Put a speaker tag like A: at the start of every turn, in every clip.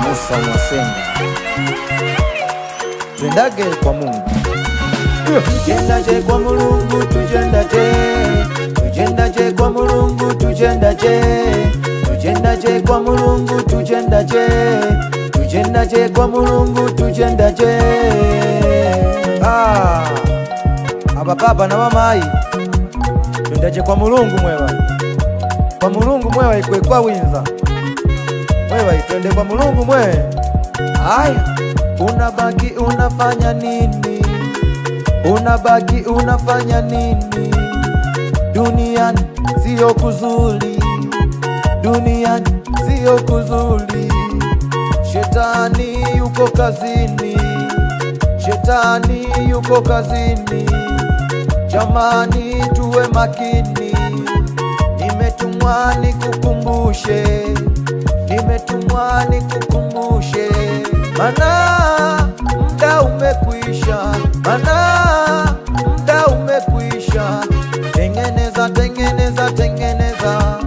A: Musa Mwasenga, twendage kwa Mungu,
B: tujendaje kwa Mulungu, tujendaje, tujendaje kwa Mulungu, tujendaje, tujendaje kwa Mulungu, tujendaje, tujendaje kwa Mulungu, tujendaje.
A: aba ah, baba na mama ai, tujendaje kwa Mulungu mwewa kwa mulungu mwe waikwe kwa winza mwe waitende kwa mulungu mwe haya
B: unabaki unafanya nini unabaki unafanya nini duniani siyo kuzuli duniani siyo kuzuli shetani yuko kazini shetani yuko kazini jamani tuwe makini nimetumwa nikukumbushe, nimetumwa nikukumbushe, mana mda umekwisha, mana mda umekwisha. Tengeneza, tengeneza, tengeneza,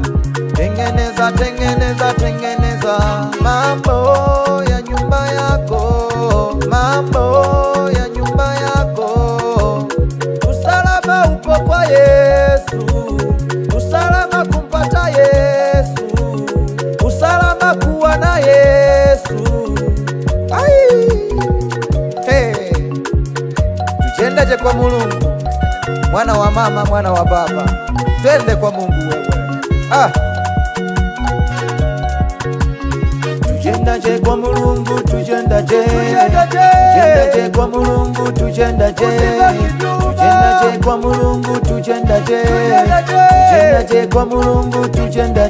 B: tengeneza, tengeneza, tengeneza mama
A: Twendaje kwa Mulungu, mwana wa mama, mwana wa baba, twende kwa Mungu wewe. Ah,
B: kwa kwa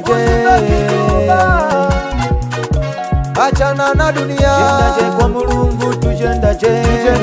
B: kwa
A: kwa Achana na dunia,
B: tujendaje kwa Mulungu, tujendaje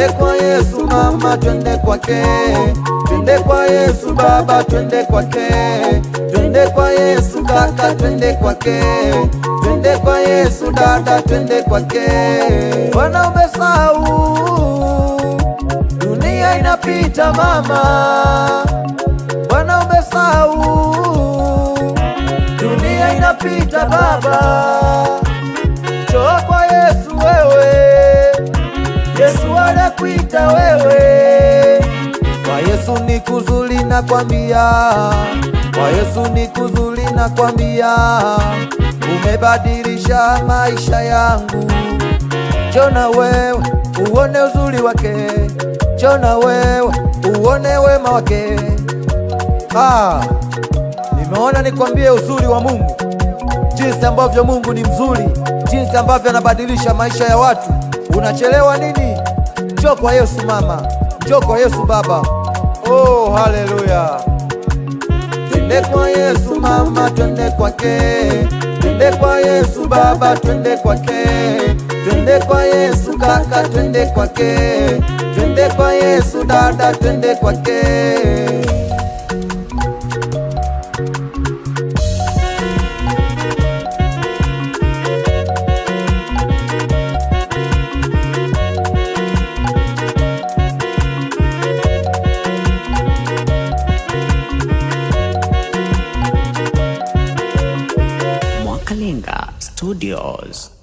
B: Twende kwa Yesu mama, twende kwake, twende kwa Yesu baba, twende kwake, twende kwa Yesu kaka, twende kwake, twende kwa Yesu dada, twende kwake. Bwana umesahau, dunia inapita mama. Bwana umesahau, dunia inapita baba. Yesu anakuita wewe, kwa Yesu ni kuzuli na kwambia, kwa Yesu ni kuzuli na kwambia, umebadilisha maisha yangu, jona wewe uone uzuli wake, jona wewe uone wema wake.
A: Ah, nimeona nikwambie uzuri wa Mungu, jinsi ambavyo Mungu ni mzuri, jinsi ambavyo anabadilisha maisha ya watu. Unachelewa nini? Njoo kwa Yesu mama, njoo kwa Yesu baba. Oh, haleluya!
B: Twende kwa Yesu mama, twende kwake. Twende kwa Yesu baba, twende kwake. Twende kwa Yesu kaka, twende kwake. Twende kwa Yesu dada, twende kwake. Studios.